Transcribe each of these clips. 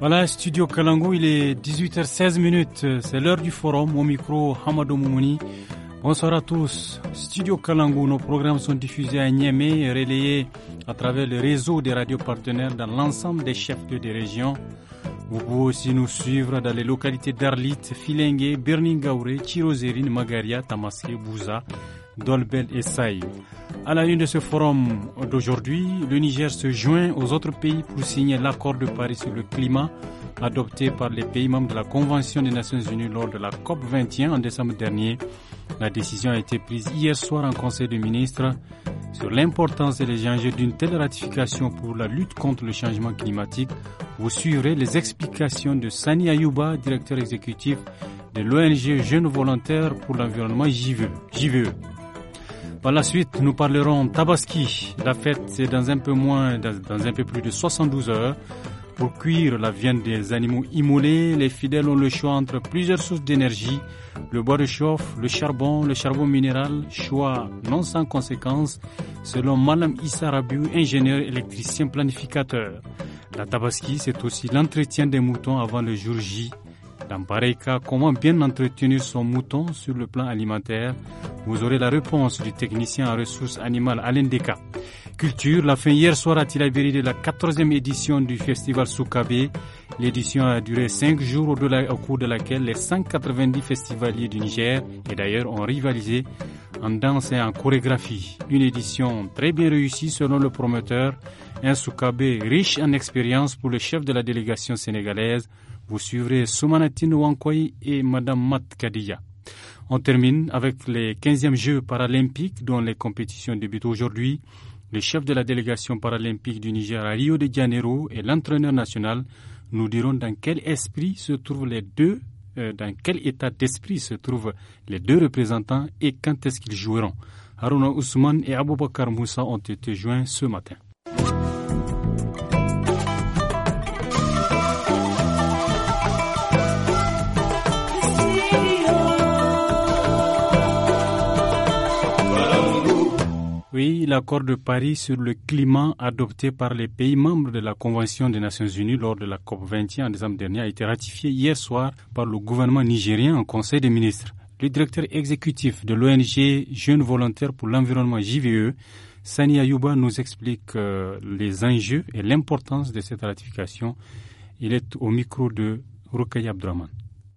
Voilà, Studio Kalangu, il est 18h16 minutes. C'est l'heure du forum au micro Hamadou Moumouni. Bonsoir à tous. Studio Kalangu, nos programmes sont diffusés à Niamey et relayés à travers le réseau des radios partenaires dans l'ensemble des chefs de des régions. Vous pouvez aussi nous suivre dans les localités d'Arlit, Filengue, Berningaure, Chirozérine, Magaria, Tamaské, Bouza, Dolbel et Saï. À la une de ce forum d'aujourd'hui, le Niger se joint aux autres pays pour signer l'accord de Paris sur le climat adopté par les pays membres de la Convention des Nations Unies lors de la COP 21 en décembre dernier. La décision a été prise hier soir en Conseil des ministres sur l'importance et les enjeux d'une telle ratification pour la lutte contre le changement climatique. Vous suivrez les explications de Sani Ayuba, directeur exécutif de l'ONG Jeunes Volontaires pour l'Environnement JVE. Par la suite, nous parlerons Tabaski. La fête, c'est dans un peu moins, dans, un peu plus de 72 heures. Pour cuire la viande des animaux immolés, les fidèles ont le choix entre plusieurs sources d'énergie, le bois de chauffe, le charbon, le charbon minéral, choix non sans conséquence, selon Madame Issa ingénieur électricien planificateur. La tabaski, c'est aussi l'entretien des moutons avant le jour J, dans pareil cas, comment bien entretenir son mouton sur le plan alimentaire Vous aurez la réponse du technicien en ressources animales Alain Deka. Culture, la fin hier soir a-t-il avéré de la 14e édition du festival Soukabe. L'édition a duré cinq jours au, cours de laquelle les 190 festivaliers du Niger et d'ailleurs ont rivalisé en danse et en chorégraphie. Une édition très bien réussie selon le promoteur, un Soukabe riche en expérience pour le chef de la délégation sénégalaise, vous suivrez Soumanatine Wankoy et Madame Mat On termine avec les 15e Jeux paralympiques dont les compétitions débutent aujourd'hui. Le chef de la délégation paralympique du Niger à Rio de Janeiro et l'entraîneur national nous diront dans quel esprit se trouvent les deux, euh, dans quel état d'esprit se trouvent les deux représentants et quand est-ce qu'ils joueront. Haruna Ousmane et Aboubakar Moussa ont été joints ce matin. Oui, l'accord de Paris sur le climat adopté par les pays membres de la Convention des Nations Unies lors de la COP21 en décembre dernier a été ratifié hier soir par le gouvernement nigérien en Conseil des ministres. Le directeur exécutif de l'ONG Jeunes Volontaires pour l'Environnement JVE, Sani Ayouba, nous explique euh, les enjeux et l'importance de cette ratification. Il est au micro de Rukaya Abdraman.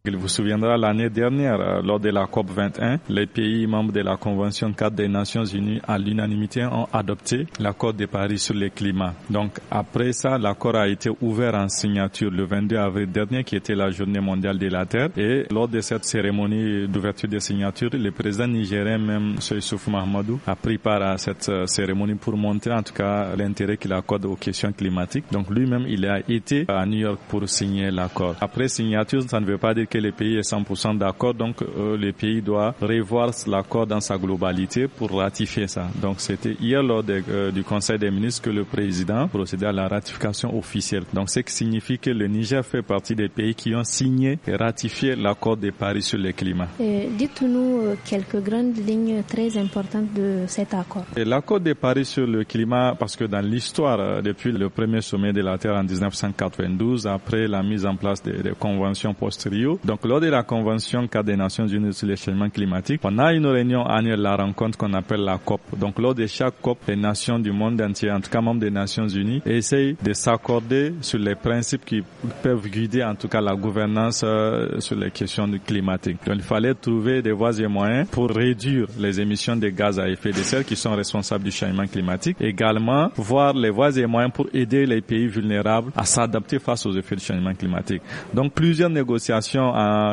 Il vous souviendra l'année dernière, euh, lors de la COP21, les pays membres de la Convention cadre des Nations Unies à l'unanimité ont adopté l'accord de Paris sur le climat. Donc après ça, l'accord a été ouvert en signature le 22 avril dernier, qui était la journée mondiale de la Terre. Et lors de cette cérémonie d'ouverture des signatures, le président nigérien même, Souf Mahmoudou, a pris part à cette euh, cérémonie pour montrer en tout cas l'intérêt qu'il accorde aux questions climatiques. Donc lui-même, il a été à New York pour signer l'accord. Après signature, ça ne veut pas dire que le pays est 100% d'accord. Donc, euh, le les pays doit revoir l'accord dans sa globalité pour ratifier ça. Donc, c'était hier lors euh, du Conseil des ministres que le président procédait à la ratification officielle. Donc, ce qui signifie que le Niger fait partie des pays qui ont signé et ratifié l'accord de Paris sur le climat. Dites-nous euh, quelques grandes lignes très importantes de cet accord. L'accord de Paris sur le climat, parce que dans l'histoire, depuis le premier sommet de la Terre en 1992, après la mise en place des conventions post-Rio, donc, lors de la Convention cadre des Nations Unies sur les changements climatiques, on a une réunion annuelle, la rencontre qu'on appelle la COP. Donc, lors de chaque COP, les nations du monde entier, en tout cas membres des Nations Unies, essayent de s'accorder sur les principes qui peuvent guider, en tout cas, la gouvernance euh, sur les questions climatiques. Donc, il fallait trouver des voies et moyens pour réduire les émissions de gaz à effet de serre qui sont responsables du changement climatique. Également, voir les voies et moyens pour aider les pays vulnérables à s'adapter face aux effets du changement climatique. Donc, plusieurs négociations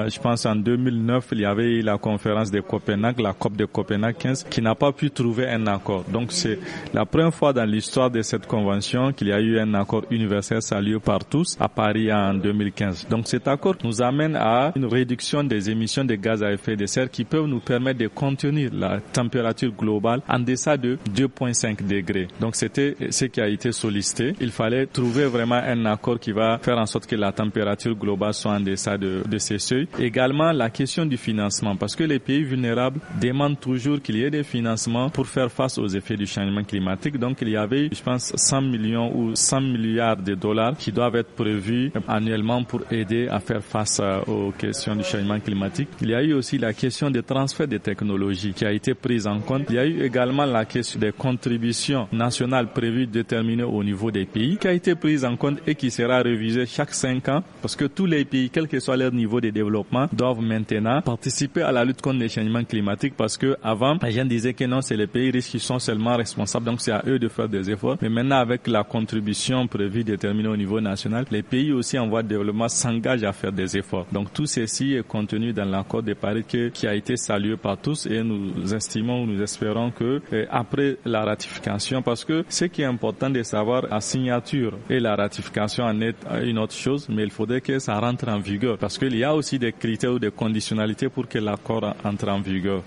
je pense en 2009, il y avait la conférence de Copenhague, la COP de Copenhague 15, qui n'a pas pu trouver un accord. Donc c'est la première fois dans l'histoire de cette convention qu'il y a eu un accord universel salué par tous à Paris en 2015. Donc cet accord nous amène à une réduction des émissions de gaz à effet de serre qui peuvent nous permettre de contenir la température globale en deçà de 2,5 degrés. Donc c'était ce qui a été sollicité. Il fallait trouver vraiment un accord qui va faire en sorte que la température globale soit en deçà de, de ces seuils. Également, la question du financement, parce que les pays vulnérables demandent toujours qu'il y ait des financements pour faire face aux effets du changement climatique. Donc, il y avait, je pense, 100 millions ou 100 milliards de dollars qui doivent être prévus annuellement pour aider à faire face euh, aux questions du changement climatique. Il y a eu aussi la question des transferts de technologies qui a été prise en compte. Il y a eu également la question des contributions nationales prévues déterminées au niveau des pays qui a été prise en compte et qui sera révisée chaque cinq ans parce que tous les pays, quel que soit leur niveau de développement doivent maintenant participer à la lutte contre les changements climatiques parce que avant, les gens que non, c'est les pays riches qui sont seulement responsables, donc c'est à eux de faire des efforts. Mais maintenant, avec la contribution prévue déterminée au niveau national, les pays aussi en voie de développement s'engagent à faire des efforts. Donc tout ceci est contenu dans l'accord de Paris qui a été salué par tous et nous estimons, nous espérons que euh, après la ratification, parce que ce qui est important de savoir, la signature et la ratification en est une autre chose, mais il faudrait que ça rentre en vigueur parce qu'il y a a aussi des critères ou des conditionnalités pour que l'accord entre en vigueur.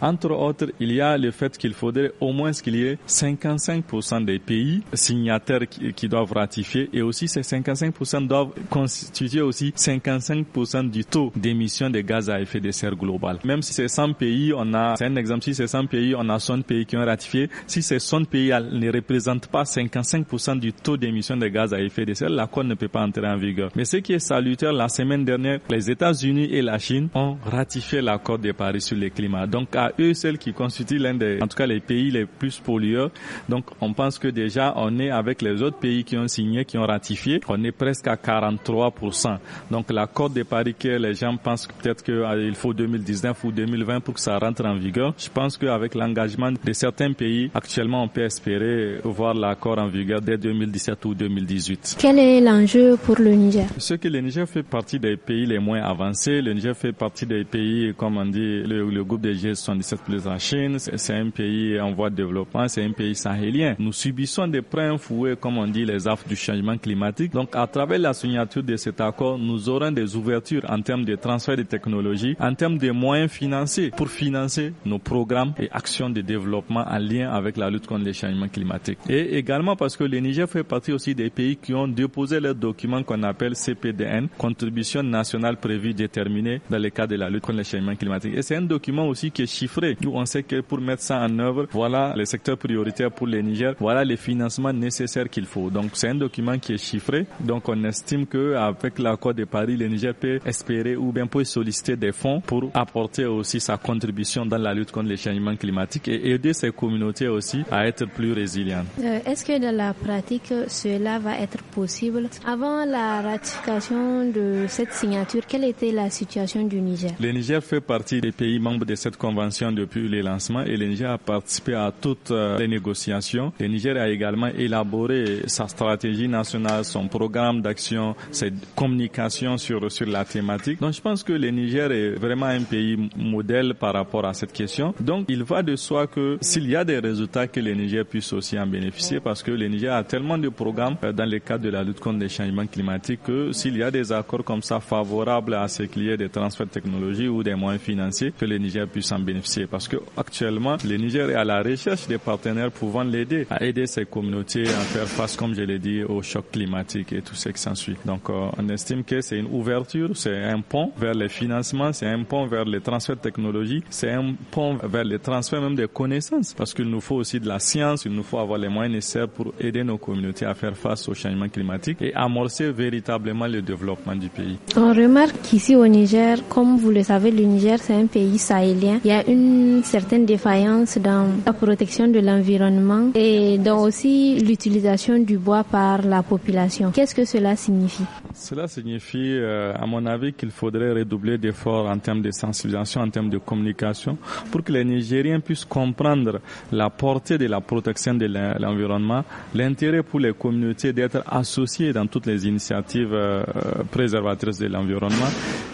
Entre autres, il y a le fait qu'il faudrait au moins qu'il y ait 55% des pays signataires qui, doivent ratifier et aussi ces 55% doivent constituer aussi 55% du taux d'émission de gaz à effet de serre global. Même si c'est 100 pays, on a, c'est un exemple, si c'est 100 pays, on a 100 pays qui ont ratifié, si ces 100 pays ne représentent pas 55% du taux d'émission de gaz à effet de serre, l'accord ne peut pas entrer en vigueur. Mais ce qui est salutaire, la semaine dernière, les États-Unis et la Chine ont ratifié l'accord de Paris sur le climat. Donc à eux celles qui constituent l'un des, en tout cas les pays les plus pollueurs. Donc on pense que déjà on est avec les autres pays qui ont signé, qui ont ratifié, on est presque à 43%. Donc l'accord de Paris que les gens pensent peut-être qu'il ah, faut 2019 ou 2020 pour que ça rentre en vigueur. Je pense qu'avec l'engagement de certains pays, actuellement on peut espérer voir l'accord en vigueur dès 2017 ou 2018. Quel est l'enjeu pour le Niger Ce que le Niger fait partie des pays les moins avancés. Le Niger fait partie des pays, comme on dit, le, groupe des G77 plus en Chine. C'est un pays en voie de développement, c'est un pays sahélien. Nous subissons des prêts fouets, comme on dit, les affres du changement climatique. Donc, à travers la signature de cet accord, nous aurons des ouvertures en termes de transfert de technologies, en termes de moyens financiers pour financer nos programmes et actions de développement en lien avec la lutte contre les changements climatique. Et également parce que le Niger fait partie aussi des pays qui ont déposé leurs documents qu'on appelle CPDN, Contribution nationale prévu, déterminé dans le cadre de la lutte contre le changement climatique. Et c'est un document aussi qui est chiffré, où on sait que pour mettre ça en œuvre, voilà les secteurs prioritaires pour le Niger, voilà les financements nécessaires qu'il faut. Donc c'est un document qui est chiffré. Donc on estime que avec l'accord de Paris, le Niger peut espérer ou bien peut solliciter des fonds pour apporter aussi sa contribution dans la lutte contre le changement climatique et aider ces communautés aussi à être plus résilientes. Euh, est-ce que dans la pratique, cela va être possible avant la ratification de cette signature quelle était la situation du Niger Le Niger fait partie des pays membres de cette convention depuis le lancement et le Niger a participé à toutes euh, les négociations. Le Niger a également élaboré sa stratégie nationale, son programme d'action, ses communications sur, sur la thématique. Donc je pense que le Niger est vraiment un pays modèle par rapport à cette question. Donc il va de soi que s'il y a des résultats, que le Niger puisse aussi en bénéficier parce que le Niger a tellement de programmes euh, dans le cadre de la lutte contre les changements climatiques que s'il y a des accords comme ça favorables favorable à ce qu'il y ait des transferts de technologie ou des moyens financiers que le Niger puisse en bénéficier. Parce que actuellement, le Niger est à la recherche des partenaires pouvant l'aider à aider ses communautés à faire face, comme je l'ai dit, au choc climatique et tout ce qui s'ensuit. Donc, euh, on estime que c'est une ouverture, c'est un pont vers les financements, c'est un pont vers les transferts de technologie, c'est un pont vers les transferts même des connaissances. Parce qu'il nous faut aussi de la science, il nous faut avoir les moyens nécessaires pour aider nos communautés à faire face au changement climatique et amorcer véritablement le développement du pays remarque qu'ici au Niger, comme vous le savez, le Niger c'est un pays sahélien. Il y a une certaine défaillance dans la protection de l'environnement et dans aussi l'utilisation du bois par la population. Qu'est-ce que cela signifie Cela signifie, euh, à mon avis, qu'il faudrait redoubler d'efforts en termes de sensibilisation, en termes de communication, pour que les Nigériens puissent comprendre la portée de la protection de l'environnement, l'intérêt pour les communautés d'être associées dans toutes les initiatives euh, euh, préservatrices de l'environnement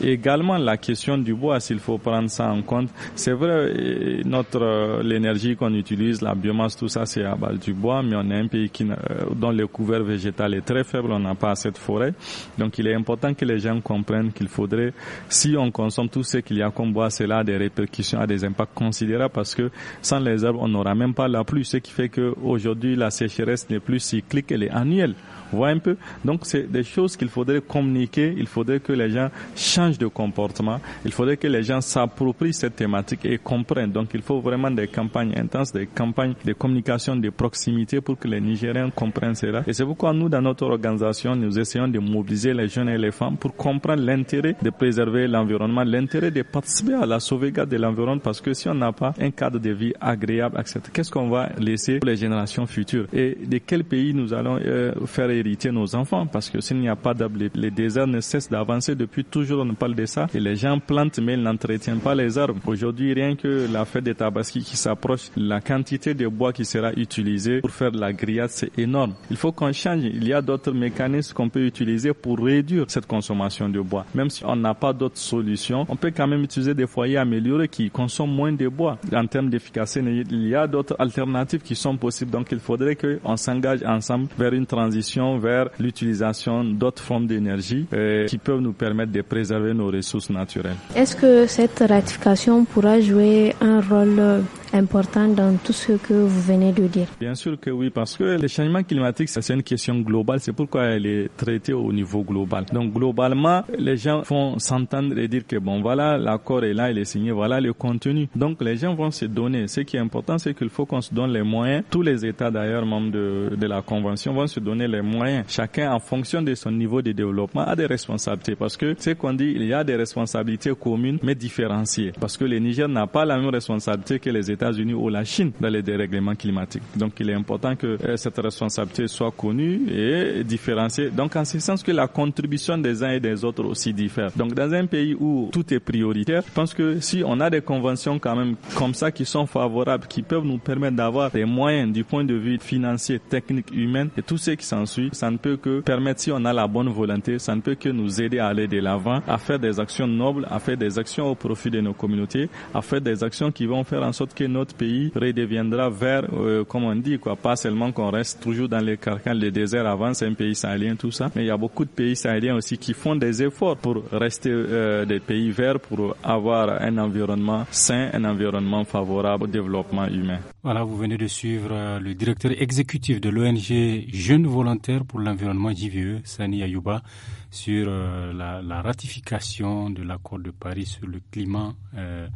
également la question du bois, s'il faut prendre ça en compte. C'est vrai, euh, notre euh, l'énergie qu'on utilise, la biomasse, tout ça, c'est à base du bois, mais on est un pays qui, euh, dont le couvert végétal est très faible, on n'a pas assez de forêt. Donc il est important que les gens comprennent qu'il faudrait, si on consomme tout ce qu'il y a comme bois, cela a des répercussions, a des impacts considérables parce que sans les arbres, on n'aura même pas la pluie, ce qui fait qu'aujourd'hui, la sécheresse n'est plus cyclique, elle est annuelle voit un peu. Donc, c'est des choses qu'il faudrait communiquer. Il faudrait que les gens changent de comportement. Il faudrait que les gens s'approprient cette thématique et comprennent. Donc, il faut vraiment des campagnes intenses, des campagnes de communication de proximité pour que les Nigériens comprennent cela. Et c'est pourquoi nous, dans notre organisation, nous essayons de mobiliser les jeunes et les femmes pour comprendre l'intérêt de préserver l'environnement, l'intérêt de participer à la sauvegarde de l'environnement parce que si on n'a pas un cadre de vie agréable, qu'est-ce qu'on va laisser pour les générations futures et de quel pays nous allons euh, faire hériter nos enfants parce que s'il n'y a pas d'arbres, les déserts ne cessent d'avancer depuis toujours, on parle de ça. Et les gens plantent mais ils n'entretiennent pas les arbres. Aujourd'hui, rien que la fête des Tabaski qui s'approche, la quantité de bois qui sera utilisée pour faire la grillade, c'est énorme. Il faut qu'on change. Il y a d'autres mécanismes qu'on peut utiliser pour réduire cette consommation de bois. Même si on n'a pas d'autres solutions, on peut quand même utiliser des foyers améliorés qui consomment moins de bois. En termes d'efficacité, il y a d'autres alternatives qui sont possibles. Donc, il faudrait qu'on s'engage ensemble vers une transition vers l'utilisation d'autres formes d'énergie euh, qui peuvent nous permettre de préserver nos ressources naturelles. Est-ce que cette ratification pourra jouer un rôle important dans tout ce que vous venez de dire Bien sûr que oui, parce que le changement climatique, c'est une question globale, c'est pourquoi elle est traitée au niveau global. Donc globalement, les gens vont s'entendre et dire que bon, voilà, l'accord est là, il est signé, voilà le contenu. Donc les gens vont se donner. Ce qui est important, c'est qu'il faut qu'on se donne les moyens. Tous les États d'ailleurs, membres de, de la Convention, vont se donner les moyens moyens. Chacun, en fonction de son niveau de développement, a des responsabilités. Parce que c'est qu'on dit, il y a des responsabilités communes, mais différenciées. Parce que le Niger n'a pas la même responsabilité que les États-Unis ou la Chine dans les dérèglements climatiques. Donc, il est important que euh, cette responsabilité soit connue et différenciée. Donc, en ce sens que la contribution des uns et des autres aussi diffère. Donc, dans un pays où tout est prioritaire, je pense que si on a des conventions quand même comme ça qui sont favorables, qui peuvent nous permettre d'avoir des moyens du point de vue financier, technique, humain et tout ce qui s'ensuit, ça ne peut que permettre, si on a la bonne volonté, ça ne peut que nous aider à aller de l'avant, à faire des actions nobles, à faire des actions au profit de nos communautés, à faire des actions qui vont faire en sorte que notre pays redeviendra vert, euh, comme on dit, quoi, pas seulement qu'on reste toujours dans les carcans, les déserts avant, c'est un pays sahélien, tout ça, mais il y a beaucoup de pays sahéliens aussi qui font des efforts pour rester euh, des pays verts, pour avoir un environnement sain, un environnement favorable au développement humain. Voilà, vous venez de suivre euh, le directeur exécutif de l'ONG Jeunes Volontaires pour l'Environnement JVE, Sani Ayouba, sur euh, la, ratification de l'accord de Paris sur le climat euh,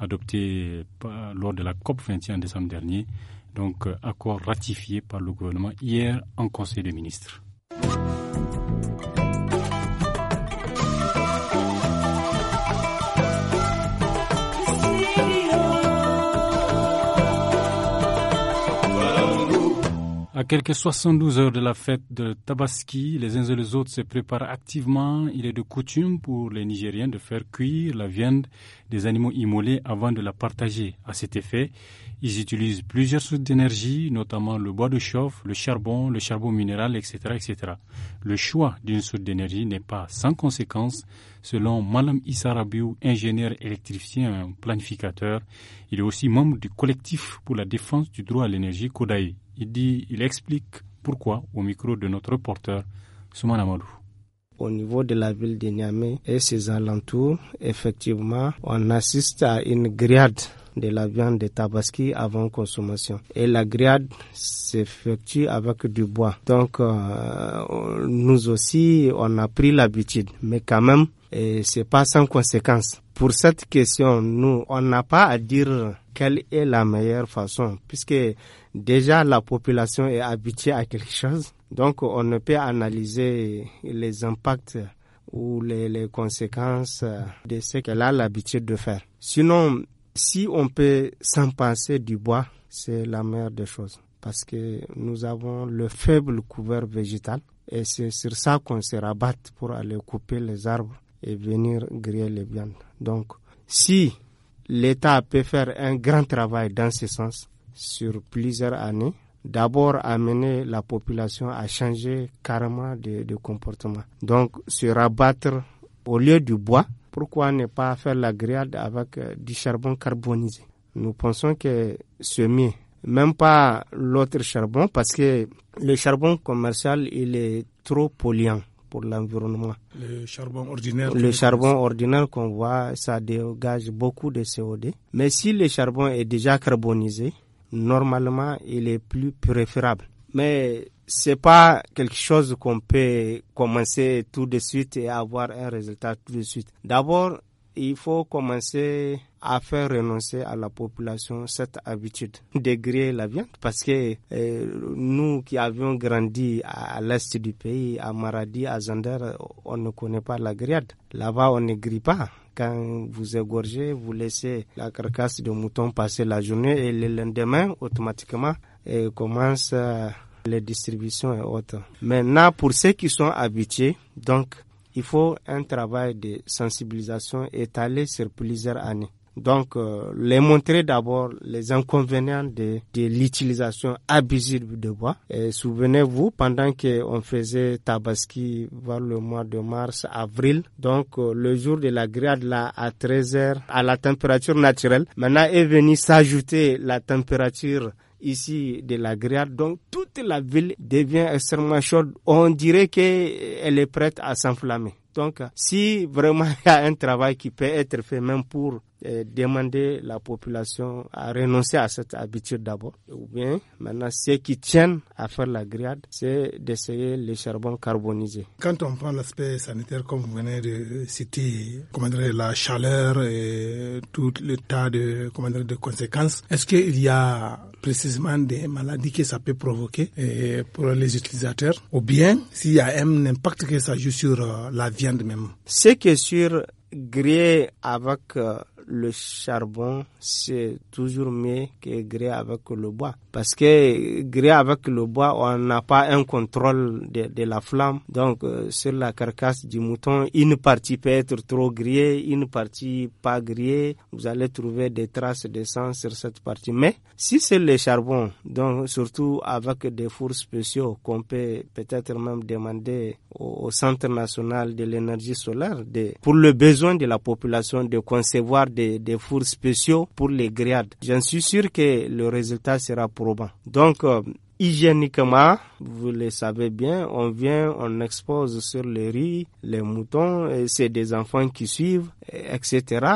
adopté lors de la COP 21 décembre dernier. Donc, accord ratifié par le gouvernement hier en Conseil des ministres. À quelques 72 heures de la fête de Tabaski, les uns et les autres se préparent activement. Il est de coutume pour les Nigériens de faire cuire la viande des animaux immolés avant de la partager. À cet effet, ils utilisent plusieurs sources d'énergie, notamment le bois de chauffe, le charbon, le charbon minéral, etc., etc. Le choix d'une source d'énergie n'est pas sans conséquence. Selon Malam Issarabiou, ingénieur électricien et planificateur, il est aussi membre du collectif pour la défense du droit à l'énergie Kodai. Il, dit, il explique pourquoi au micro de notre reporter Souman Amadou au niveau de la ville de Niamey et ses alentours, effectivement, on assiste à une grillade de la viande de tabaski avant consommation. Et la grillade s'effectue avec du bois. Donc, euh, nous aussi, on a pris l'habitude. Mais quand même, c'est pas sans conséquence. Pour cette question, nous, on n'a pas à dire quelle est la meilleure façon, puisque déjà la population est habituée à quelque chose, donc on ne peut analyser les impacts ou les, conséquences de ce qu'elle a l'habitude de faire. Sinon, si on peut s'en passer du bois, c'est la meilleure des choses, parce que nous avons le faible couvert végétal, et c'est sur ça qu'on se rabatte pour aller couper les arbres et venir griller les viandes. Donc, si l'État peut faire un grand travail dans ce sens sur plusieurs années. D'abord, amener la population à changer carrément de, comportement. Donc, se rabattre au lieu du bois, pourquoi ne pas faire la grillade avec euh, du charbon carbonisé Nous pensons que c'est mieux même pas l'autre charbon parce que le charbon commercial il est trop polluant pour l'environnement. Le charbon ordinaire Le charbon ordinaire qu'on voit, ça dégage beaucoup de CO2. Mais si le charbon est déjà carbonisé, normalement, il est plus préférable. Mais c'est pas quelque chose qu'on peut commencer tout de suite et avoir un résultat tout de suite. D'abord, il faut commencer à faire renoncer à la population cette habitude de griller la viande parce que euh, nous qui avions grandi à, l'est du pays, à Maradi, à Zander, on ne connaît pas la grillade. Là-bas, on ne grille pas quand vous égorgez, vous laissez la carcasse de mouton passer la journée et le lendemain, automatiquement, euh, commence euh, les distributions et autres. Maintenant, pour ceux qui sont habitués, donc, il faut un travail de sensibilisation étalé sur plusieurs années. Donc, euh, les montrer d'abord les inconvénients de, de l'utilisation abusive de bois. Et souvenez-vous, pendant qu'on faisait Tabaski vers le mois de mars, avril, donc euh, le jour de la grillade là à 13 heures, à la température naturelle, maintenant est venue s'ajouter la température ici de la grillade. Donc toute la ville devient extrêmement chaude. On dirait qu'elle est prête à s'enflammer. Donc si vraiment il y a un travail qui peut être fait même pour euh, demander la population à renoncer à cette habitude d'abord. Ou bien, maintenant, ceux qui tiennent à faire la grillade, c'est d'essayer les charbon carbonisés. Quand on prend l'aspect sanitaire, comme vous venez de citer, comment la chaleur et tout le tas de, comment de conséquences, est-ce qu'il y a précisément des maladies que ça peut provoquer euh, pour les utilisateurs Ou bien, s'il y a un impact que ça joue sur euh, la viande même Ce qui est sûr, grillé avec le charbon, c'est toujours mieux que gré avec le bois. Parce que gré avec le bois, on n'a pas un contrôle de, la flamme. Donc, euh, sur la carcasse du mouton, une partie peut être trop grillée, une partie pas grillée. Vous allez trouver des traces de sang sur cette partie. Mais si c'est le charbon, donc surtout avec des fours spéciaux qu'on peut peut-être même demander au, au Centre national de l'énergie solaire de, pour le besoin de la population de concevoir des, fours spéciaux pour les grillades. J'en suis sûr que le résultat sera probant. Donc, euh, hygiéniquement, vous le savez bien, on vient, on expose sur les riz, les moutons, c'est des enfants qui suivent, etc.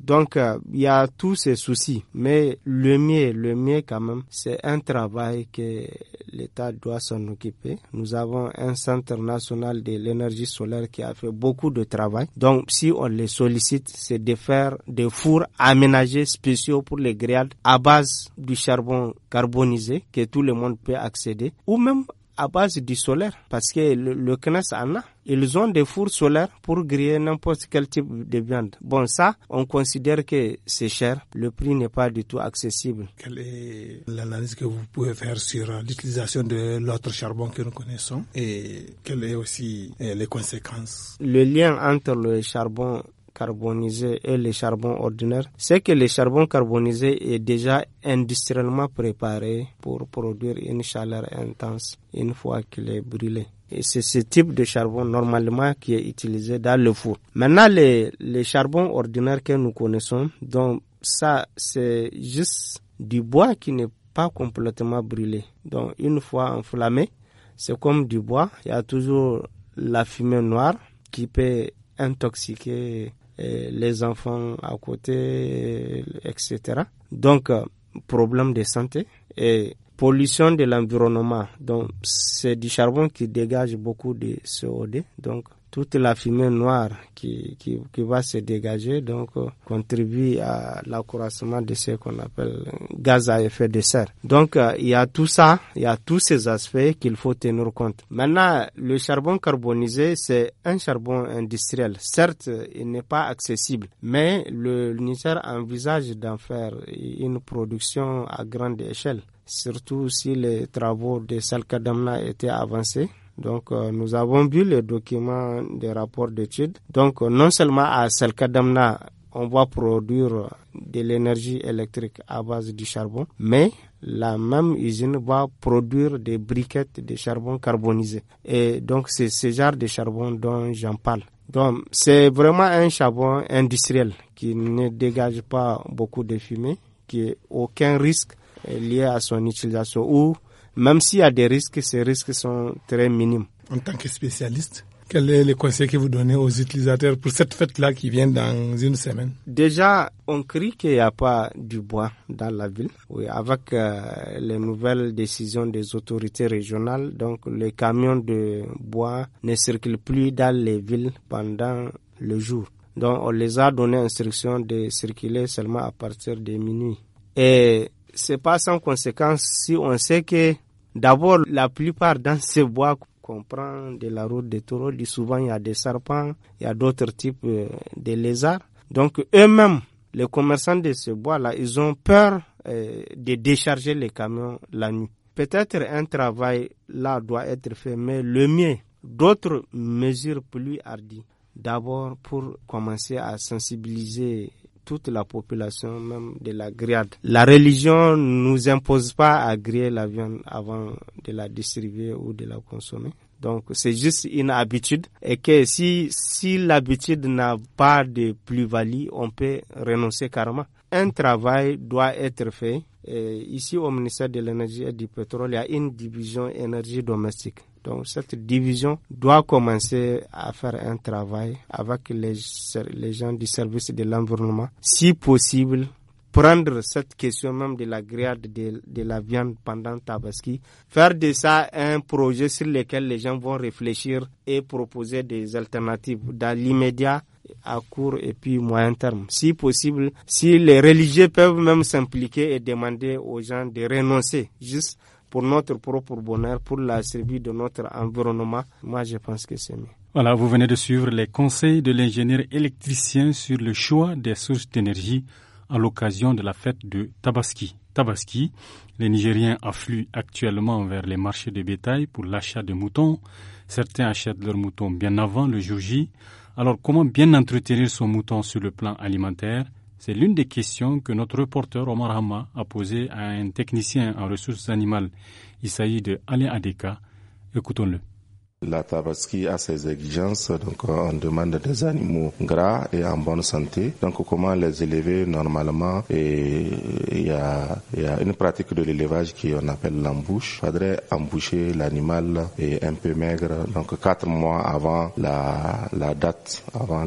Donc, euh, il y a tous ces soucis. Mais le mieux, le mieux quand même, c'est un travail que l'État doit s'en occuper. Nous avons un centre national de l'énergie solaire qui a fait beaucoup de travail. Donc, si on les sollicite, c'est de faire des fours aménagés spéciaux pour les grillades à base du charbon carbonisé que tout le monde peut accéder, ou même à base du solaire, parce que le, le CNES en a. Ils ont des fours solaires pour griller n'importe quel type de viande. Bon, ça, on considère que c'est cher. Le prix n'est pas du tout accessible. Quelle est l'analyse que vous pouvez faire sur l'utilisation de l'autre charbon que nous connaissons et quelles sont aussi eh, les conséquences Le lien entre le charbon carbonisé et les charbons ordinaires, c'est que les charbons carbonisés est déjà industriellement préparé pour produire une chaleur intense une fois qu'il est brûlé. Et c'est ce type de charbon normalement qui est utilisé dans le four. Maintenant, les, les charbons ordinaires que nous connaissons, donc ça, c'est juste du bois qui n'est pas complètement brûlé. Donc, une fois enflammé, c'est comme du bois. Il y a toujours la fumée noire qui peut intoxiquer euh, les enfants à côté, euh, etc. Donc, euh, problème de santé et pollution de l'environnement. Donc, c'est du charbon qui dégage beaucoup de CO2. Donc, toute la fumée noire qui, qui, va se dégager donc euh, contribue à l'accroissement de ce qu'on appelle gaz à effet de serre. Donc euh, il y a tout ça, il y a tous ces aspects qu'il faut tenir compte. Maintenant, le charbon carbonisé, c'est un charbon industriel. Certes, il n'est pas accessible, mais le envisage d'en faire une production à grande échelle, surtout si les travaux de Salkadamna étaient avancés. Donc, euh, nous avons vu les documents des rapports d'études. Donc, euh, non seulement à Selkadamna, on va produire de l'énergie électrique à base du charbon, mais la même usine va produire des briquettes de charbon carbonisé. Et donc, c'est ce genre de charbon dont j'en parle. Donc, c'est vraiment un charbon industriel qui ne dégage pas beaucoup de fumée, qui n'a aucun risque lié à son utilisation ou même s'il y a des risques, ces risques sont très minimes. En tant que spécialiste, quel est le conseil que vous donnez aux utilisateurs pour cette fête-là qui vient dans une semaine Déjà, on crie qu'il n'y a pas du bois dans la ville. Oui, avec euh, les nouvelles décisions des autorités régionales, donc les camions de bois ne circulent plus dans les villes pendant le jour. Donc on les a donné instruction de circuler seulement à partir de minuit. Et c'est pas sans conséquence si on sait que D'abord, la plupart dans ces bois qu'on prend de la route des taureaux, souvent il y a des serpents, il y a d'autres types euh, de lézards. Donc eux-mêmes, les commerçants de ce bois-là, ils ont peur euh, de décharger les camions la nuit. Peut-être un travail là doit être fait, mais le mien, d'autres mesures plus hardies. D'abord pour commencer à sensibiliser toute la population même de la grillade. La religion nous impose pas à griller la viande avant de la distribuer ou de la consommer. Donc c'est juste une habitude et que si, si l'habitude n'a pas de plus-value, on peut renoncer carrément. Un travail doit être fait. ici au ministère de l'énergie et du pétrole, il y a une division énergie domestique. Donc cette division doit commencer à faire un travail avec les, gens du service de l'environnement. Si possible, prendre cette question même de la grillade de, de, la viande pendant Tabaski, faire de ça un projet sur lequel les gens vont réfléchir et proposer des alternatives dans l'immédiat à court et puis moyen terme. Si possible, si les religieux peuvent même s'impliquer et demander aux gens de renoncer juste pour notre propre bonheur, pour la survie de notre environnement, moi je pense que c'est mieux. Voilà, vous venez de suivre les conseils de l'ingénieur électricien sur le choix des sources d'énergie à l'occasion de la fête de Tabaski. Tabaski, les Nigériens affluent actuellement vers les marchés de bétail pour l'achat de moutons. Certains achètent leurs moutons bien avant le jour J. Alors comment bien entretenir son mouton sur le plan alimentaire c'est l'une des questions que notre reporter Omar Hama a posée à un technicien en ressources animales. Il s'agit de Alain Adeka. Écoutons-le. La tabaski a ses exigences, donc on demande des animaux gras et en bonne santé. Donc comment les élever normalement Et il y a, y a, une pratique de l'élevage qui on appelle l'embouche. Il faudrait emboucher l'animal et un peu maigre, donc quatre mois avant la, date, avant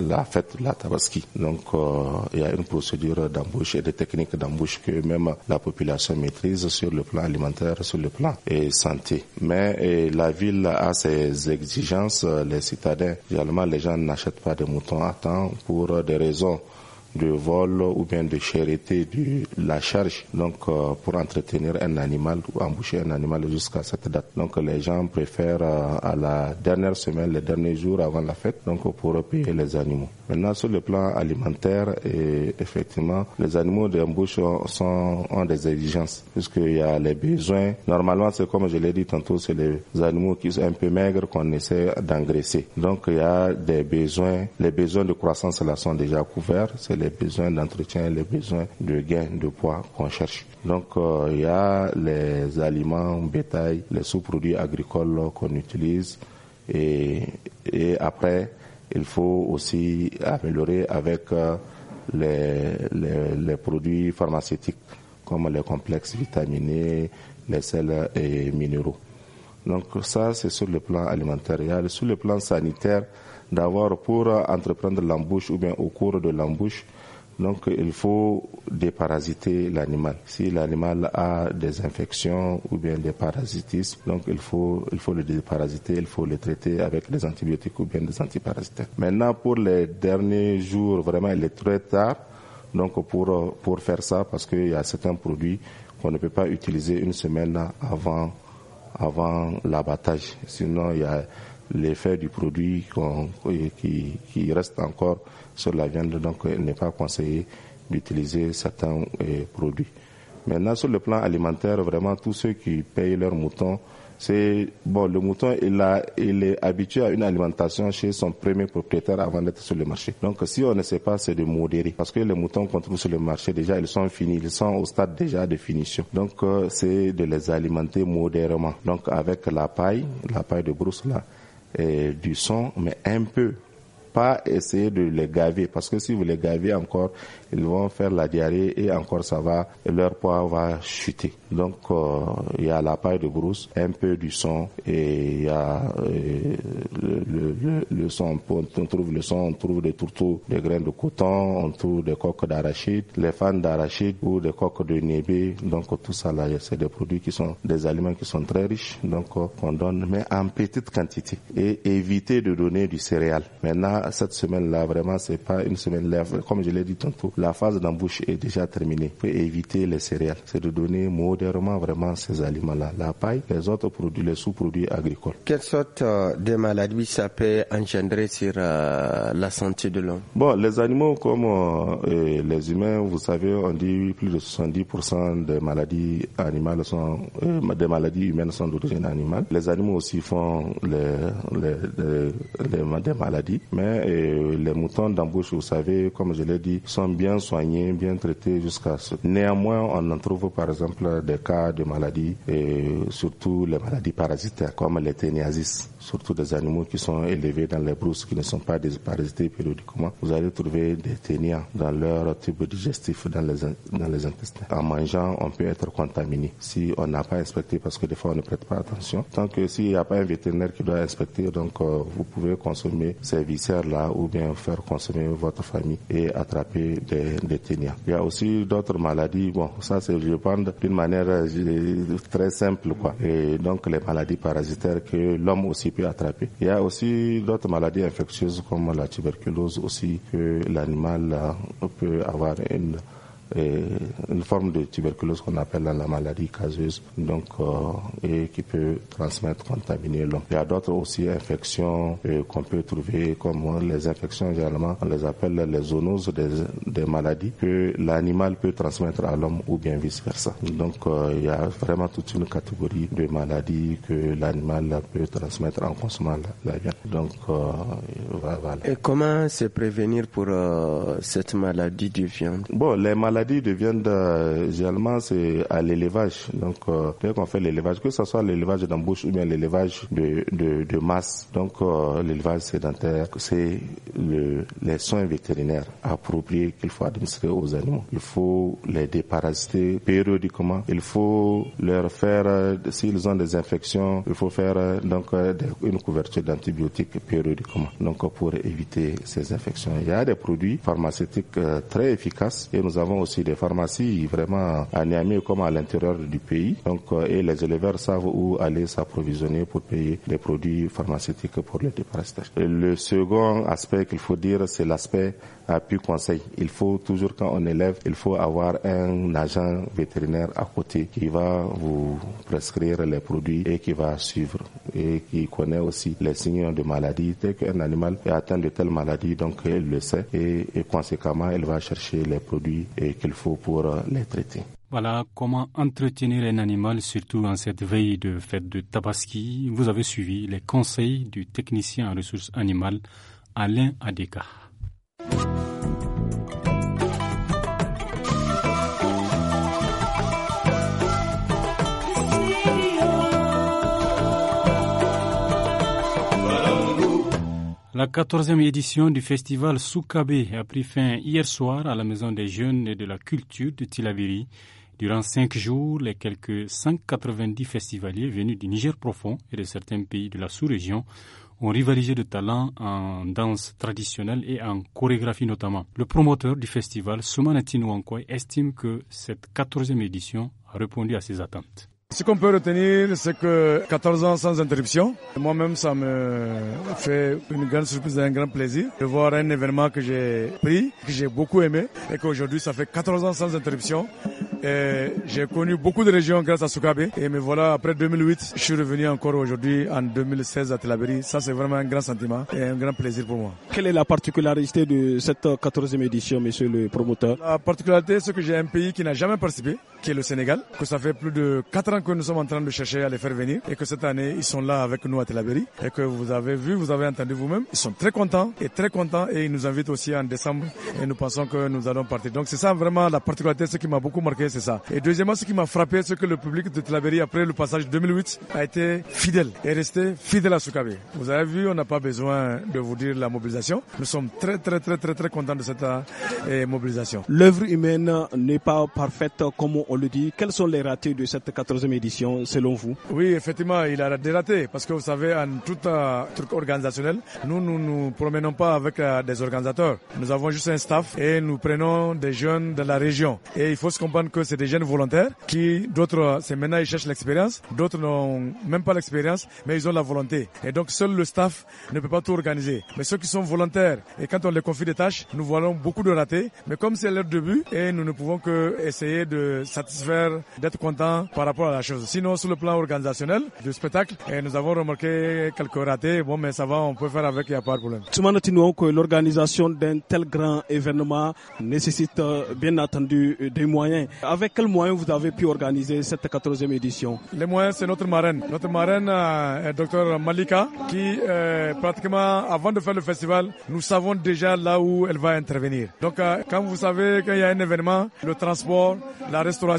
la, fête de la tabaski. Donc euh, il y a une procédure d'embouche et des techniques d'embouche que même la population maîtrise sur le plan alimentaire, sur le plan et euh, santé. Mais euh, la ville a ces exigences, euh, les citadins, généralement, les gens n'achètent pas de moutons à temps pour euh, des raisons de vol ou bien de charité de la charge donc euh, pour entretenir un animal ou emboucher un animal jusqu'à cette date. Donc les gens préfèrent euh, à la dernière semaine, les derniers jours avant la fête donc pour payer les animaux. Maintenant sur le plan alimentaire et effectivement les animaux d'embauche sont ont des exigences puisqu'il y a les besoins. Normalement c'est comme je l'ai dit tantôt c'est les animaux qui sont un peu maigres qu'on essaie d'engraisser. Donc il y a des besoins, les besoins de croissance là sont déjà couverts, c'est les besoins d'entretien, les besoins de gain de poids qu'on cherche. Donc euh, il y a les aliments bétail, les sous-produits agricoles qu'on utilise et, après il faut aussi améliorer avec euh, les, produits pharmaceutiques comme les complexes vitaminés, les sels et minéraux. Donc ça c'est sur le plan alimentaire. a sur le plan sanitaire, d'avoir pour entreprendre l'embouche ou bien au cours de l'embouche, donc il faut déparasiter l'animal. Si l'animal a des infections ou bien des parasitismes, donc il faut, il faut le déparasiter, il faut le traiter avec des antibiotiques ou bien des antiparasitaires. Maintenant, pour les derniers jours, vraiment, il est très tard donc pour, pour faire ça parce qu'il y a certains produits qu'on ne peut pas utiliser une semaine avant, avant l'abattage. Sinon, il y a l'effet du produit qui, qui, reste encore sur la viande, donc il euh, n'est pas conseillé d'utiliser certains euh, produits. Maintenant, sur le plan alimentaire, vraiment, tous ceux qui payent leurs moutons, c'est bon, le mouton, il, a, il est habitué à une alimentation chez son premier propriétaire avant d'être sur le marché. Donc, si on ne sait pas, c'est de modérer. Parce que les moutons qu'on trouve sur le marché, déjà, ils sont finis, ils sont au stade déjà de finition. Donc, euh, c'est de les alimenter modérément. Donc, avec la paille, la paille de brousse là, du sang, mais un peu pas essayer de les gaver parce que si vous les gavez encore, ils vont faire la diarrhée et encore ça va, leur poids va chuter. Donc euh, il y a la paille de brousse, un peu du sang et il y a euh, le, le, le, sang. On trouve le sang, on trouve des tourteaux, des graines de coton, on trouve des coques d'arachide, les fans d'arachide ou des coques de nébé. Donc tout ça là, c'est des produits qui sont des aliments qui sont très riches, donc euh, qu'on donne mais en petite quantité et éviter de donner du céréal. Maintenant cette semaine-là, vraiment, c'est pas une semaine là. Comme je l'ai dit tantôt, la phase d'embouche est déjà terminée. Il faut éviter les céréales. C'est de donner modérément vraiment ces aliments-là. La paille, les autres produits, les sous-produits agricoles. Quelles sortes euh, de maladies ça peut engendrer sur euh, la santé de l'homme Bon, les animaux comme euh, les humains, vous savez, on dit plus de 70% des maladies animales sont, des maladies humaines sont d'origine animale. Les animaux aussi font les, des maladies, mais et euh, les moutons d'embauche, vous savez, comme je l'ai dit, sont bien soignés, bien traités jusqu'à ce. Néanmoins, on en trouve par exemple des cas de maladies, et surtout les maladies parasitaires comme les téniasis surtout des animaux qui sont élevés dans les brousses, qui ne sont pas parasités périodiquement, vous allez trouver des ténias dans leur tube digestif, dans les, dans les intestins. En mangeant, on peut être contaminé si on n'a pas inspecté, parce que des fois on ne prête pas attention. Tant que s'il n'y a pas un vétérinaire qui doit inspecter, donc euh, vous pouvez consommer ces viscères-là ou bien faire consommer votre famille et attraper des, des ténias. Il y a aussi d'autres maladies, bon, ça c'est, je parle d'une manière euh, très simple, quoi. Et donc les maladies parasitaires que l'homme aussi peut attraper. Il y a aussi d'autres maladies infectieuses comme la tuberculose aussi que l'animal euh, peut avoir une euh, une forme de tuberculose qu'on appelle la maladie caseuse, donc euh, et qui peut transmettre, contaminer l'homme. Il y a d'autres aussi infections euh, qu'on peut trouver, comme les infections généralement, on les appelle les zoonoses des, maladies que l'animal peut transmettre à l'homme ou bien vice versa. Donc il y a vraiment toute une catégorie de maladies que l'animal peut transmettre en consommant la, viande. Donc Et comment se prévenir pour cette maladie du viande Bon, les maladies maladies deviennent euh, généralement c'est à l'élevage. Donc euh, dès qu'on fait l'élevage, que ce soit l'élevage d'embauche ou bien l'élevage de, de, masse, donc euh, l'élevage sédentaire, c'est le, les soins vétérinaires appropriés qu'il faut administrer aux animaux. Il faut les déparasiter périodiquement. Il faut leur faire, s'ils ont des infections, il faut faire donc une couverture d'antibiotiques périodiquement. Donc pour éviter ces infections, il y a des produits pharmaceutiques très efficaces et nous avons aussi des pharmacies vraiment à Niamey comme à l'intérieur du pays. Donc, euh, et les éleveurs savent où aller s'approvisionner pour payer les produits pharmaceutiques pour le déparastage. Le second aspect qu'il faut dire, c'est l'aspect appui conseil. Il faut toujours quand on élève, il faut avoir un agent vétérinaire à côté qui va vous prescrire les produits et qui va suivre et qui connaît aussi les signes de maladie. Dès qu'un animal est atteint de telle maladie, donc il le sait et, conséquemment, il va chercher les produits et qu'il faut pour euh, les traiter. Voilà comment entretenir un animal, surtout en cette veille de fête de Tabaski. Vous avez suivi les conseils du technicien en ressources animales Alain Adeka. La quatorzième édition du festival Soukabe a pris fin hier soir à la Maison des Jeunes et de la Culture de Tilabiri. Durant cinq jours, les quelques 190 festivaliers venus du Niger profond et de certains pays de la sous-région ont rivalisé de talent en danse traditionnelle et en chorégraphie notamment. Le promoteur du festival, Soumane Wankoy, estime que cette quatorzième édition a répondu à ses attentes. Ce qu'on peut retenir, c'est que 14 ans sans interruption. Moi-même, ça me fait une grande surprise et un grand plaisir de voir un événement que j'ai pris, que j'ai beaucoup aimé, et qu'aujourd'hui, ça fait 14 ans sans interruption. Et j'ai connu beaucoup de régions grâce à Soukabe. Et me voilà, après 2008, je suis revenu encore aujourd'hui en 2016 à Telabéry. Ça, c'est vraiment un grand sentiment et un grand plaisir pour moi. Quelle est la particularité de cette 14e édition, monsieur le promoteur La particularité, c'est que j'ai un pays qui n'a jamais participé qui est le Sénégal, que ça fait plus de 4 ans que nous sommes en train de chercher à les faire venir et que cette année, ils sont là avec nous à Telabéry et que vous avez vu, vous avez entendu vous-même. Ils sont très contents et très contents et ils nous invitent aussi en décembre et nous pensons que nous allons partir. Donc c'est ça vraiment la particularité, ce qui m'a beaucoup marqué, c'est ça. Et deuxièmement, ce qui m'a frappé, c'est que le public de Telabéry, après le passage 2008, a été fidèle et resté fidèle à Soukabe. Vous avez vu, on n'a pas besoin de vous dire la mobilisation. Nous sommes très, très, très, très, très contents de cette euh, mobilisation. L'œuvre humaine n'est pas parfaite comme on on le dit. Quels sont les ratés de cette 14e édition selon vous Oui, effectivement, il a des ratés parce que vous savez, en tout un euh, truc organisationnel, nous nous nous promenons pas avec euh, des organisateurs. Nous avons juste un staff et nous prenons des jeunes de la région. Et il faut se comprendre que c'est des jeunes volontaires qui, d'autres, euh, c'est maintenant ils cherchent l'expérience, d'autres n'ont même pas l'expérience, mais ils ont la volonté. Et donc seul le staff ne peut pas tout organiser. Mais ceux qui sont volontaires et quand on les confie des tâches, nous voyons beaucoup de ratés. Mais comme c'est leur début et nous ne pouvons que essayer de d'être content par rapport à la chose. Sinon, sur le plan organisationnel du spectacle, et eh, nous avons remarqué quelques ratés. Bon, mais ça va, on peut faire avec, il n'y a pas de problème. que l'organisation d'un tel grand événement nécessite euh, bien entendu euh, des moyens. Avec quels moyens vous avez pu organiser cette 14e édition Les moyens, c'est notre marraine. Notre marraine euh, est Docteur Malika, qui pratiquement, avant de faire le festival, nous savons déjà là où elle va intervenir. Donc, quand vous savez qu'il y a un événement, le transport, la restauration,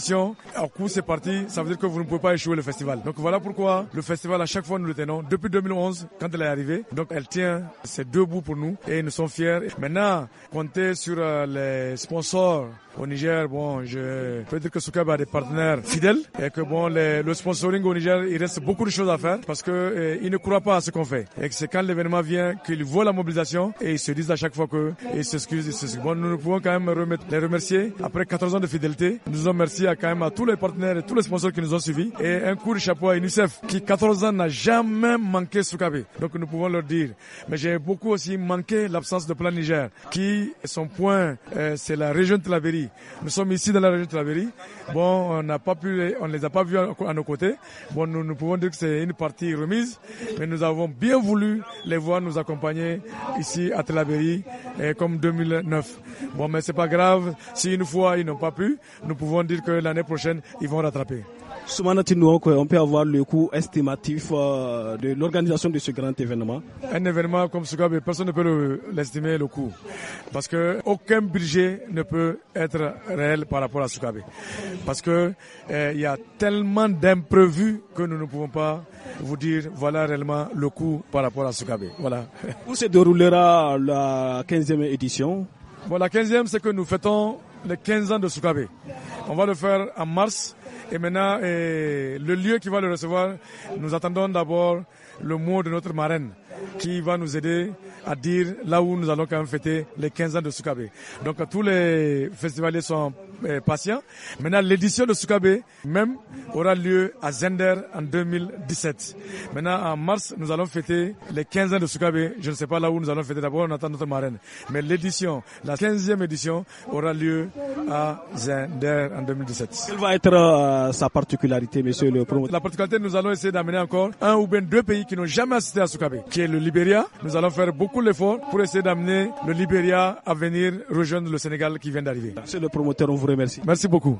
en coup, c'est parti. Ça veut dire que vous ne pouvez pas échouer le festival. Donc voilà pourquoi le festival, à chaque fois, nous le tenons. Depuis 2011, quand elle est arrivée, donc elle tient ses deux bouts pour nous et nous sommes fiers. Maintenant, comptez sur euh, les sponsors au Niger, bon, je peux dire que Soukabe a des partenaires fidèles et que bon, le sponsoring au Niger, il reste beaucoup de choses à faire parce que eh, ne croient pas à ce qu'on fait. Et que c'est quand l'événement vient qu'ils voient la mobilisation et ils se disent à chaque fois que ils s'excusent, Bon, nous, pouvons quand même les remercier. Après 14 ans de fidélité, nous remercions quand même à tous les partenaires et tous les sponsors qui nous ont suivis et un coup de chapeau à UNICEF qui 14 ans n'a jamais manqué Soukabe. Donc nous pouvons leur dire. Mais j'ai beaucoup aussi manqué l'absence de Plan Niger qui son point eh, c'est la région de Tlaveri nous sommes ici dans la région de Traveri. Bon, on n'a pas pu, les, on les a pas vus à, nos côtés. Bon, nous, nous pouvons dire que c'est une partie remise, mais nous avons bien voulu les voir nous accompagner ici à et eh, comme 2009. Bon, mais c'est pas grave. Si une fois ils n'ont pas pu, nous pouvons dire que l'année prochaine ils vont rattraper on peut avoir le coût estimatif euh, de l'organisation de ce grand événement Un événement comme ce personne ne peut l'estimer le coût. Parce que aucun budget ne peut être réel par rapport à Sukabe. Parce que eh, il y a tellement d'imprévus que nous ne pouvons pas vous dire voilà réellement le coût par rapport à Sukabe. Voilà. Où se déroulera la 15e édition Bon, la 15e, c'est que nous fêtons les 15 ans de Soukabe. On va le faire en mars. Et maintenant, euh, le lieu qui va le recevoir, nous attendons d'abord le mot de notre marraine qui va nous aider à dire là où nous allons quand même fêter les 15 ans de Soukabe. Donc tous les festivaliers sont euh, patients. Maintenant, l'édition de Sukabe même aura lieu à Zender en 2017. Maintenant, en mars, nous allons fêter les 15 ans de Sukabe. Je ne sais pas là où nous allons fêter. D'abord, on attend notre marraine. Mais l'édition, la 15e édition, aura lieu à Zender en 2017. Quelle va être euh, sa particularité, monsieur le promoteur La particularité, nous allons essayer d'amener encore un ou bien deux pays qui n'ont jamais assisté à Sukabe, qui est le Libéria. Nous allons faire beaucoup d'efforts pour essayer d'amener le Libéria à venir rejoindre le Sénégal qui vient d'arriver. Monsieur le promoteur, Merci beaucoup.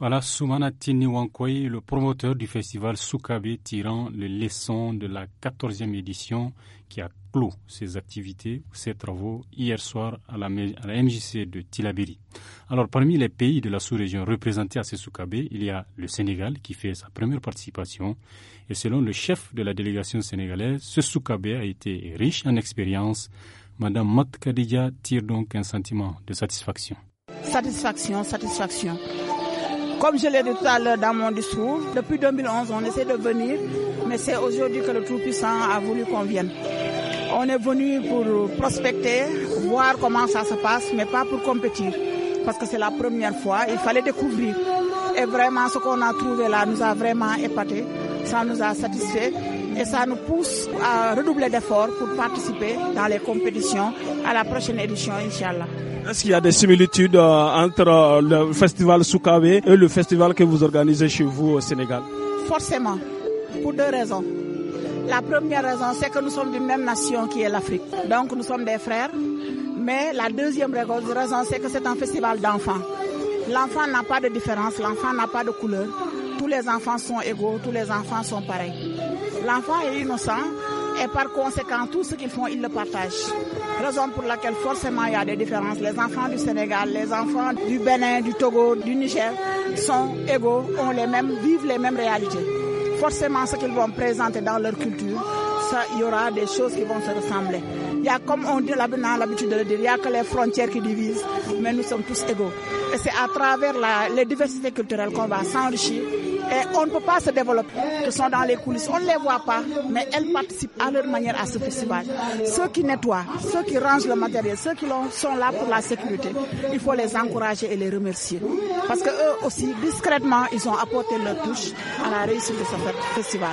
Voilà, Soumana Tini le promoteur du festival Soukabe, tirant les leçons de la 14e édition qui a clos ses activités, ses travaux hier soir à la, MJC de Tilabiri. Alors, parmi les pays de la sous-région représentés à ce Soukabe, il y a le Sénégal qui fait sa première participation. Et selon le chef de la délégation sénégalaise, ce Soukabe a été riche en expérience. Madame Matkadija tire donc un sentiment de satisfaction. Satisfaction, satisfaction. Comme je l'ai dit tout à l'heure dans mon discours, depuis 2011, on essaie de venir, mais c'est aujourd'hui que le Tout-Puissant a voulu qu'on vienne. On est venu pour prospecter, voir comment ça se passe, mais pas pour compétir, parce que c'est la première fois, il fallait découvrir. Et vraiment, ce qu'on a trouvé là nous a vraiment épaté, ça nous a satisfait et ça nous pousse à redoubler d'efforts pour participer dans les compétitions à la prochaine édition, Inch'Allah. Est-ce qu'il y a des similitudes euh, entre euh, le festival Soukawe et le festival que vous organisez chez vous au Sénégal Forcément, pour deux raisons. La première raison, c'est que nous sommes d'une même nation qui est l'Afrique. Donc nous sommes des frères. Mais la deuxième raison, c'est que c'est un festival d'enfants. L'enfant n'a pas de différence, l'enfant n'a pas de couleur. Tous les enfants sont égaux, tous les enfants sont pareils. L'enfant est innocent, et par conséquent, tout ce qu'ils font, ils le partagent. Raison pour laquelle forcément il y a des différences. Les enfants du Sénégal, les enfants du Bénin, du Togo, du Niger sont égaux, ont les mêmes, vivent les mêmes réalités. Forcément, ce qu'ils vont présenter dans leur culture, ça, il y aura des choses qui vont se ressembler. Il y a, comme on dit là l'habitude de le dire, il n'y a que les frontières qui divisent, mais nous sommes tous égaux. Et c'est à travers la, les diversités culturelles qu'on va s'enrichir on ne peut pas se développer, que sont dans les coulisses. On ne les voit pas, mais elles participent à leur manière à ce festival. Ceux qui nettoient, ceux qui rangent le matériel, ceux qui sont là pour la sécurité, il faut les encourager et les remercier. Parce que aussi, discrètement, ils ont apporté leur touche à la réussite de ce festival.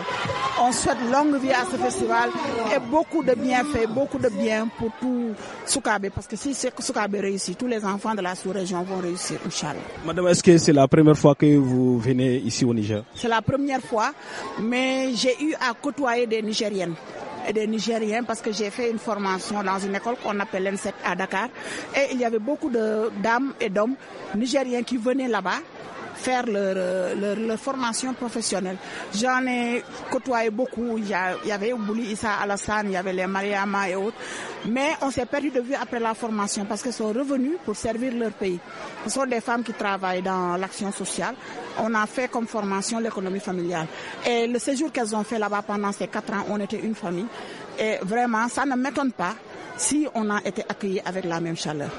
On souhaite longue vie à ce festival et beaucoup de bienfaits, beaucoup de bien pour tout Soukabe. Parce que si Soukabe réussit, tous les enfants de la sous-région vont réussir, Inch'Allah. Madame, est-ce que c'est la première fois que vous venez ici au Niger c'est la première fois, mais j'ai eu à côtoyer des Nigériennes et des Nigériens parce que j'ai fait une formation dans une école qu'on appelle N7 à Dakar et il y avait beaucoup de dames et d'hommes nigériens qui venaient là-bas faire euh, leur, formation professionnelle. J'en ai côtoyé beaucoup. Il y avait Bouli Issa Alassane, il y avait les Mariama et autres. Mais on s'est perdu de vue après la formation parce qu'elles sont revenues pour servir leur pays. Ce sont des femmes qui travaillent dans l'action sociale. On a fait comme formation l'économie familiale. Et le séjour qu'elles ont fait là-bas pendant ces quatre ans, on était une famille. Et vraiment, ça ne m'étonne pas si on a été accueillis avec la même chaleur.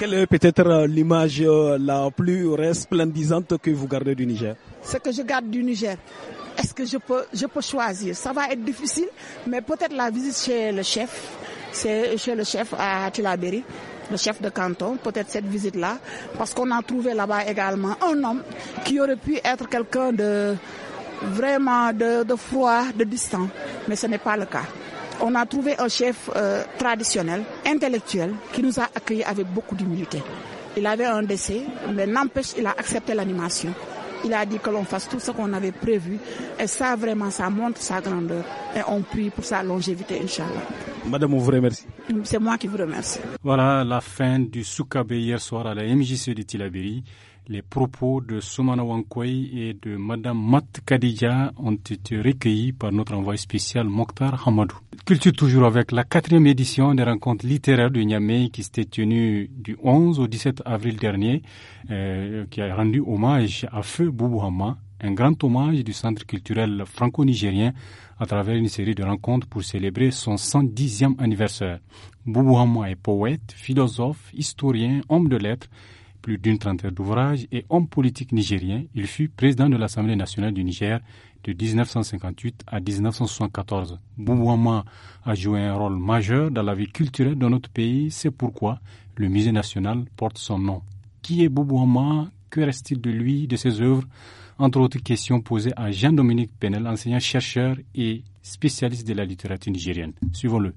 Quelle est peut-être euh, l'image euh, la plus resplendissante que vous gardez du Niger Ce que je garde du Niger, est-ce que je peux, je peux choisir Ça va être difficile, mais peut-être la visite chez le chef, c'est chez le chef à Tilaberi, le chef de canton, peut-être cette visite-là, parce qu'on a trouvé là-bas également un homme qui aurait pu être quelqu'un de vraiment de, de froid, de distant, mais ce n'est pas le cas on a trouvé un chef euh, traditionnel, intellectuel, qui nous a accueillis avec beaucoup d'humilité. Il avait un décès, mais n'empêche, il a accepté l'animation. Il a dit que l'on fasse tout ce qu'on avait prévu. Et ça, vraiment, ça montre sa grandeur. Et on prie pour sa longévité, Inch'Allah. Madame, on vous remercie. C'est moi qui vous remercie. Voilà la fin du Soukabe hier soir à la MJC de Tilabiri. Les propos de Soumana Wankoy et de Madame Mat Kadija ont été recueillis par notre envoyé spécial Mokhtar Hamadou. Culture toujours avec la quatrième édition des rencontres littéraires de Niamey qui s'était tenue du 11 au 17 avril dernier, euh, qui a rendu hommage à Feu Boubouhama, un grand hommage du Centre culturel franco-nigérien à travers une série de rencontres pour célébrer son 110e anniversaire. Boubouhama est poète, philosophe, historien, homme de lettres, plus d'une trentaine d'ouvrages et homme politique nigérien, il fut président de l'Assemblée nationale du Niger de 1958 à 1974. Boubouama a joué un rôle majeur dans la vie culturelle de notre pays, c'est pourquoi le musée national porte son nom. Qui est Boubouama Que reste-t-il de lui, de ses œuvres Entre autres questions posées à Jean-Dominique Penel, enseignant-chercheur et spécialiste de la littérature nigérienne. Suivons-le.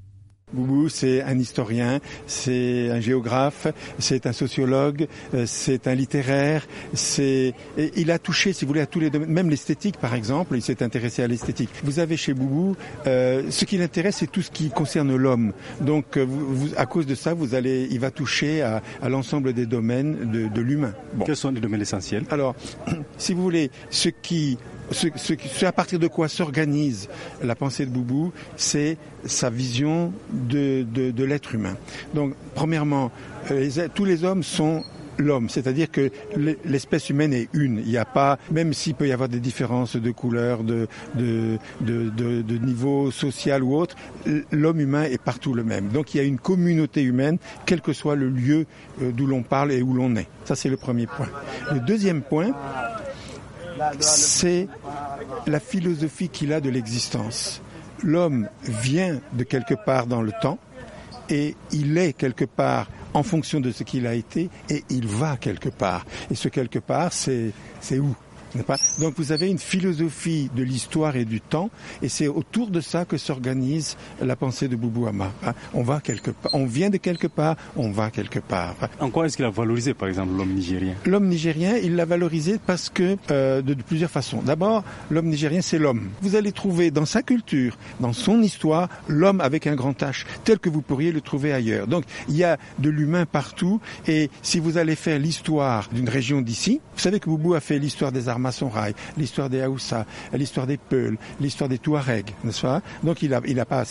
Boubou, c'est un historien, c'est un géographe, c'est un sociologue, euh, c'est un littéraire, c'est il a touché, si vous voulez, à tous les domaines, même l'esthétique par exemple, il s'est intéressé à l'esthétique. Vous avez chez Boubou, euh, ce qui l'intéresse, c'est tout ce qui concerne l'homme. Donc, euh, vous, à cause de ça, vous allez, il va toucher à, l'ensemble des domaines de, l'humain. Quels sont les domaines essentiels Alors, si vous voulez, ce qui ce, ce, à partir de quoi s'organise la pensée de Boubou, c'est sa vision de, de, l'être humain. Donc, premièrement, euh, tous les hommes sont l'homme, c'est-à-dire que l'espèce humaine est une. Il n'y a pas, même s'il peut y avoir des différences de couleur, de, de, de, de niveau social ou autre, l'homme humain est partout le même. Donc il y a une communauté humaine, quel que soit le lieu euh, d'où l'on parle et où l'on est. Ça, c'est le premier point. Le deuxième point, c'est la philosophie qu'il a de l'existence. L'homme vient de quelque part dans le temps et il est quelque part en fonction de ce qu'il a été et il va quelque part. Et ce quelque part, c'est où donc vous avez une philosophie de l'histoire et du temps, et c'est autour de ça que s'organise la pensée de Boubouama. Hein. On va quelque part, on vient de quelque part, on va quelque part. En quoi est-ce qu'il a valorisé, par exemple, l'homme nigérien L'homme nigérien, il l'a valorisé parce que euh, de, plusieurs façons. D'abord, l'homme nigérien, c'est l'homme. Vous allez trouver dans sa culture, dans son histoire, l'homme avec un grand H, tel que vous pourriez le trouver ailleurs. Donc il y a de l'humain partout, et si vous allez faire l'histoire d'une région d'ici, vous savez que Boubou a fait l'histoire des armes Masonrail, l'histoire des Haoussa, l'histoire des Peuls, l'histoire des Touaregs, n'est-ce pas Donc il a, pas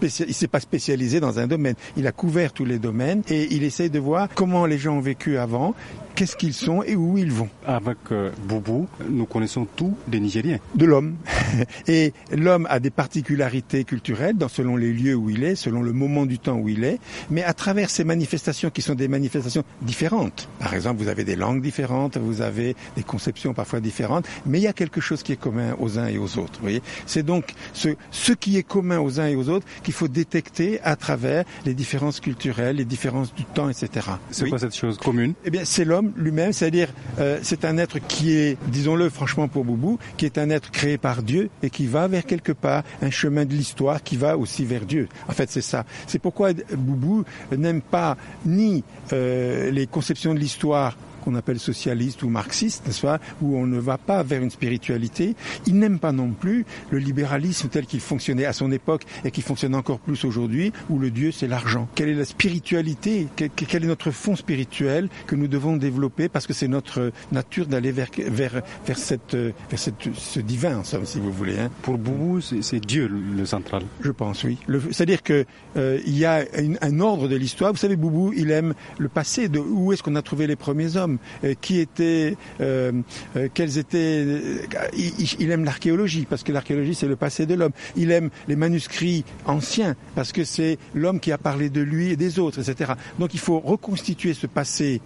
il s'est pas spécialisé dans un domaine. Il a couvert tous les domaines et il essaye de voir comment les gens ont vécu avant, qu'est-ce qu'ils sont et où ils vont. Avec bobo euh, Boubou, nous connaissons tous des Nigériens. De l'homme. Et l'homme a des particularités culturelles dans, selon les lieux où il est, selon le moment du temps où il est, mais à travers ces manifestations qui sont des manifestations différentes. Par exemple, vous avez des langues différentes, vous avez des conceptions parfois différentes, mais il y a quelque chose qui est commun aux uns et aux autres. Vous voyez C'est donc ce, ce qui est commun aux uns et aux autres qu'il faut détecter à travers les différences culturelles, les différences du temps, etc. C'est quoi cette chose commune Eh bien, c'est l'homme lui-même, c'est-à-dire euh, c'est un être qui est, disons-le franchement pour Boubou, qui est un être créé par Dieu et qui va vers quelque part, un chemin de l'histoire qui va aussi vers Dieu. En fait, c'est ça. C'est pourquoi Boubou n'aime pas ni euh, les conceptions de l'histoire qu'on appelle socialiste ou marxiste, n'est-ce pas, où on ne va pas vers une spiritualité. Il n'aime pas non plus le libéralisme tel qu'il fonctionnait à son époque et qui fonctionne encore plus aujourd'hui, où le Dieu c'est l'argent. Quelle est la spiritualité Quel est notre fond spirituel que nous devons développer parce que c'est notre nature d'aller vers vers vers cette vers cette, ce divin, si vous voulez. Hein. Pour Boubou, c'est Dieu le central. Je pense, oui. C'est-à-dire que euh, il y a un ordre de l'histoire. Vous savez, Boubou, il aime le passé, de où est-ce qu'on a trouvé les premiers hommes euh, qui était euh, euh, quels étaient. il aime l'archéologie parce que l'archéologie c'est le passé de l'homme. Il aime les manuscrits anciens parce que c'est l'homme qui a parlé de lui et des autres, etc. Donc il faut reconstituer ce passé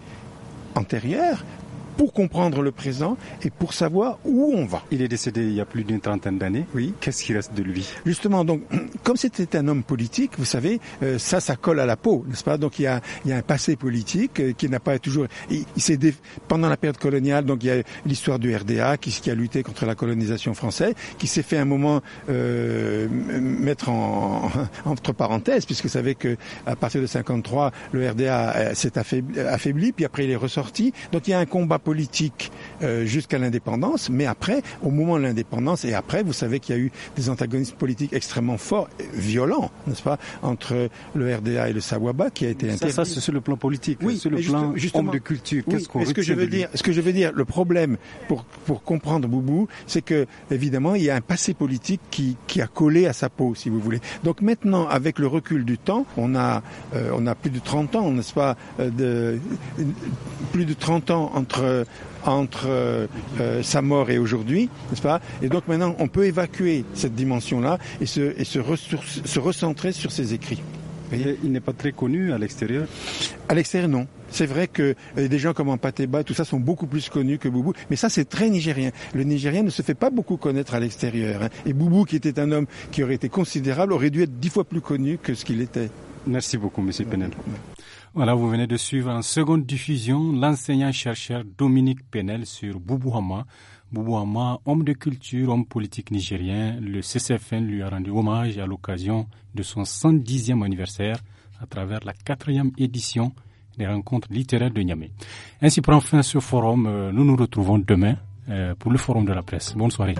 antérieur pour comprendre le présent et pour savoir où on va. Il est décédé il y a plus d'une trentaine d'années. Oui. Qu'est-ce qui reste de lui Justement, donc, comme c'était un homme politique, vous savez, euh, ça, ça colle à la peau, n'est-ce pas Donc, il y, a, il y a un passé politique euh, qui n'a pas toujours. Il, s'est Pendant la période coloniale, donc, il y a l'histoire du RDA qui, qui, a lutté contre la colonisation française, qui s'est fait un moment euh, mettre en, entre parenthèses, puisque vous savez que à partir de 53, le RDA euh, s'est affaibli, puis après il est ressorti. Donc, il y a un combat politique euh, jusqu'à l'indépendance, mais après, au moment de l'indépendance et après, vous savez qu'il y a eu des antagonismes politiques extrêmement forts, violents, n'est-ce pas, entre le RDA et le Sawaba qui a été interdit. Ça, ça c'est le plan politique, oui, c'est le plan homme de culture. Qu'est-ce qu'on que je veux dire Ce que je veux dire, le problème pour pour comprendre Boubou, c'est que évidemment, il y a un passé politique qui qui a collé à sa peau, si vous voulez. Donc maintenant, avec le recul du temps, on a euh, on a plus de 30 ans, n'est-ce pas, euh, de plus de 30 ans entre euh, entre, euh, euh, sa mort et aujourd'hui, n'est-ce pas Et donc maintenant, on peut évacuer cette dimension-là et, se, se, recentrer sur ses écrits. Il n'est pas très connu à l'extérieur À l'extérieur, non. C'est vrai que des gens comme et tout ça, sont beaucoup plus connus que Boubou. Mais ça, c'est très nigérien. Le nigérien ne se fait pas beaucoup connaître à l'extérieur. Hein. Et Boubou, qui était un homme qui aurait été considérable, aurait dû être dix fois plus connu que ce qu'il était. Merci beaucoup, Monsieur Penel. Voilà, vous venez de suivre en seconde diffusion l'enseignant-chercheur Dominique Penel sur Boubou Hama, homme de culture, homme politique nigérien, le CCFN lui a rendu hommage à l'occasion de son 110e anniversaire à travers la quatrième édition des rencontres littéraires de Niamey. Ainsi prend fin ce forum. Euh, nous nous retrouvons demain euh, pour le forum de la presse. Bonne soirée.